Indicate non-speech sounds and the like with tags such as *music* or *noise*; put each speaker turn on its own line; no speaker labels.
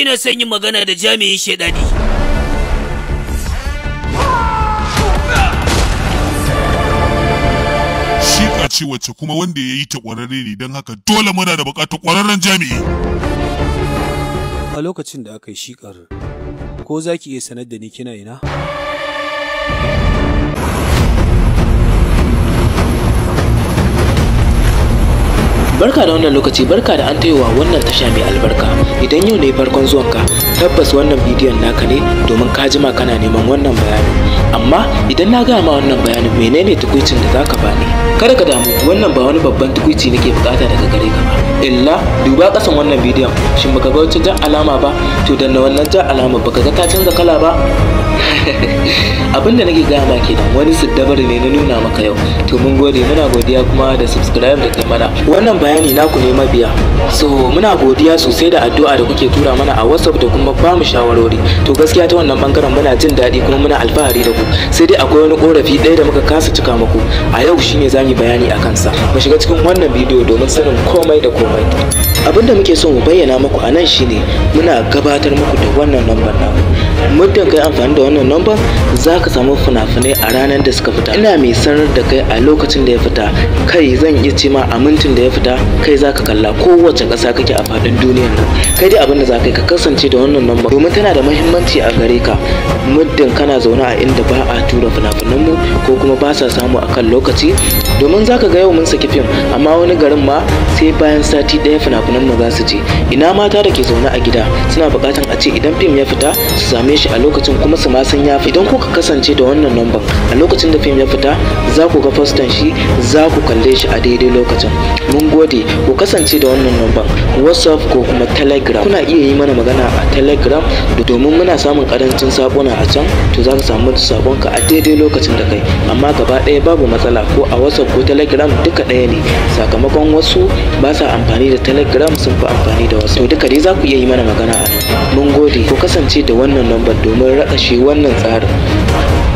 Ina son yin magana da jami'in shaidani. Shiƙa ce wacce kuma wanda ya yi ta ƙwararre ne don haka dole muna da buƙatar ƙwararren jami'i. A lokacin da aka yi shiƙar, ko za ki iya sanar da ni kina ina?
barka da wannan lokaci barka da an taiwa wannan tasha mai albarka idan yau ne farkon zuwanka tabbas wannan bidiyon naka ne domin ka jima kana neman wannan bayanin amma idan na gaya ma wannan bayanin menene tukuicin da zaka bani kada ka damu wannan ba wani babban tukuici nake bukata daga gare ka ba illa duba kasan wannan bidiyon shin baka ga wata jan alama ba to danna wannan jan alama baka ga ta canza kala ba *laughs* abinda nake gaya ma kenan wani siddabar ne na nuna maka yau to mun gode muna godiya kuma da subscribe da kai mana wannan bayani naku ne mabiya so muna godiya sosai da addu'a da kuke tura mana a whatsapp da kuma ba mu shawarwari to gaskiya ta wannan bangaren muna jin daɗi kuma muna alfahari da ku sai dai akwai wani korafi ɗaya da muka kasa cika muku a yau shine za mu bayani a kansa mu shiga cikin wannan bidiyo domin sanin komai da komai abinda muke so mu bayyana muku a nan shine muna gabatar muku da wannan lambar namu. muddin kai amfani da wannan namba za ka samu fina-finai a ranar da suka fita ina mai sanar da kai a lokacin da ya fita kai zan iya ce ma a mintin da ya fita kai za ka kalla kowace ƙasa kake a fadin duniyar nan kai dai abin da za ka yi ka kasance da wannan namba domin tana da mahimmanci a gare ka muddin kana zaune a inda ba a tura fina-finanmu ko kuma ba sa samu a kan lokaci domin za ka ga yau mun saki fim amma wani garin ma sai bayan sati daya fina mu za su je ina mata da ke zaune a gida suna buƙatan a ce idan fim ya fita su same shi shi a lokacin kuma su ma sun yafi idan kuka kasance da wannan number a lokacin da fim ya fita za ku ga fastan shi za ku kalle shi a daidai lokacin mun gode ku kasance da wannan number whatsapp ko kuma telegram kuna iya yi mana magana a telegram domin muna samun karancin sabona a can to za ka samu sabonka a daidai lokacin da kai amma gaba ɗaya babu matsala ko a whatsapp ko telegram duka ɗaya ne sakamakon wasu ba sa amfani da telegram sun fi amfani da wasu to duka dai za ku iya yi mana magana a nan mun gode ku kasance da wannan number domin raƙashe wannan tsarin